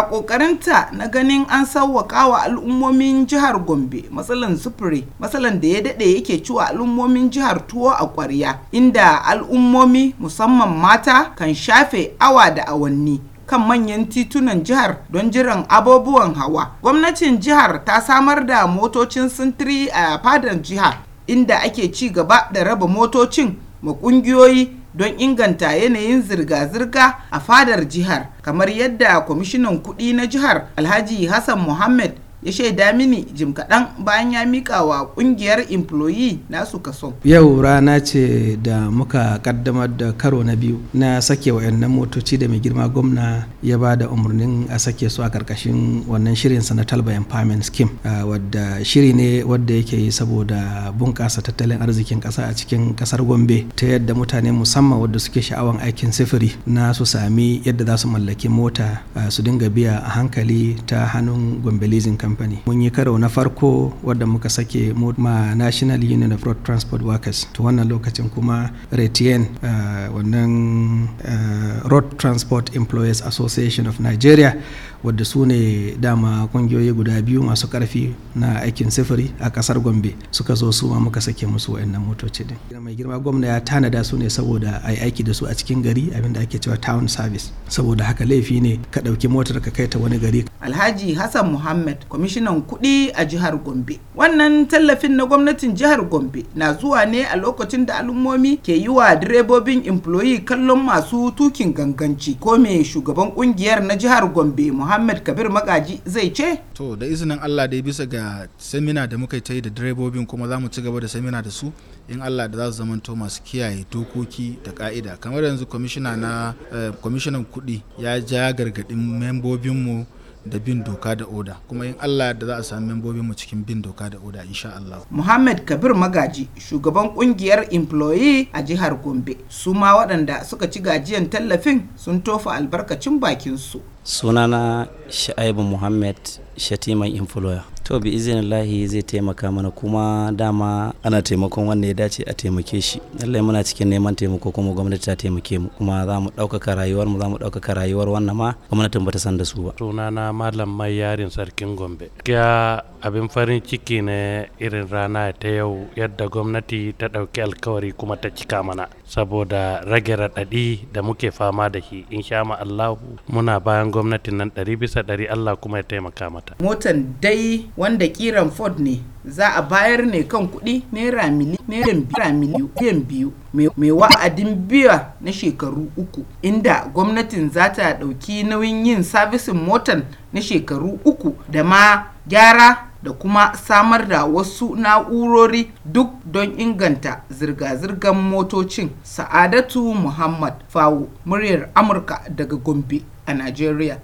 a ƙoƙarinta na ganin an sauwaƙa wa al'ummomin jihar gombe matsalan sufuri matsalan da ya dade yake ciwa al'ummomin jihar tuwo a ƙwarya inda al'ummomi musamman mata kan shafe awa da awanni kan manyan titunan jihar don jiran abubuwan hawa gwamnatin jihar ta samar da motocin sintiri a fadar jihar inda ake ci gaba da raba motocin ma ƙungiyoyi don inganta yanayin zirga-zirga a fadar jihar kamar yadda kwamishinan kuɗi na jihar alhaji hassan muhammad ya shaida mini jim kaɗan bayan ya mika wa ƙungiyar employee nasu kaso. yau rana ce da muka kaddamar da karo na biyu na sake wa wayannan motoci da mai girma gwamna ya ba da umarnin a sake su a karkashin wannan shirin sa na talba empowerment scheme wadda shiri ne wadda yake yi saboda bunƙasa tattalin arzikin ƙasa a cikin ƙasar gombe ta yadda mutane musamman wadda suke sha'awan aikin sifiri na su sami yadda za su mallaki mota su dinga biya a hankali ta hannun gombe leasing kamfani mun yi karo na farko wadda muka sake ma national union of road transport workers to wannan lokacin kuma retien uh, eh, wannan uh, road transport employers association of nigeria wadda su ne dama kungiyoyi guda biyu masu karfi na aikin sifiri a kasar gombe suka zo su ma muka sake musu wayannan motoci din mai girma gwamna ya tanada su ne saboda a yi aiki da su a cikin gari abinda ake cewa town service saboda haka laifi ne ka ɗauki motar ka kai ta wani gari alhaji hassan muhammad kwamishinan kuɗi a jihar Gombe. Wannan tallafin na gwamnatin jihar Gombe na zuwa ne a lokacin da al'ummomi ke yi wa direbobin employee kallon masu tukin ganganci. Ko me shugaban kungiyar na jihar Gombe Muhammad Kabir Magaji zai ce? To da izinin Allah dai bisa ga semina da muka yi da direbobin kuma za mu ci gaba da semina da su in Allah da za su zamanto masu kiyaye dokoki da ka'ida. Kamar yanzu kwamishina na eh, kwamishinan kuɗi ya ja gargaɗin membobinmu da bin doka da oda kuma in Allah da za a sami membobin mu cikin bin doka da oda insha Allah. Muhammad Kabir Magaji shugaban kungiyar employee a jihar Gombe su ma waɗanda suka ci gajiyan tallafin sun tofa albarkacin bakin su. Sunana Sha'ibu Muhammad Shatiman employer. to bi Allah zai taimaka mana kuma dama ana taimakon wanda ya dace a taimake shi lallai muna cikin neman taimako kuma gwamnati ta taimake mu kuma za mu ɗaukaka rayuwar mu za mu ɗaukaka rayuwar wannan ma gwamnatin bata san da su ba sunana malam mai yarin sarkin gombe Ya abin farin ciki ne irin rana ta yau yadda gwamnati ta ɗauki alkawari kuma ta cika mana saboda rage raɗaɗi da muke fama da shi in sha Allahu muna bayan gwamnatin nan ɗari bisa ɗari Allah kuma ya taimaka mata motan dai wanda kiran ford ne za a bayar ne kan kudi naira miliyan biyu mai wa'adin biya na shekaru uku inda gwamnatin za ta dauki nauyin yin sabisin motan na shekaru uku da ma gyara da kuma samar da wasu na'urori duk don inganta zirga-zirgar motocin sa'adatu muhammad fawo muryar amurka daga gombe a nigeria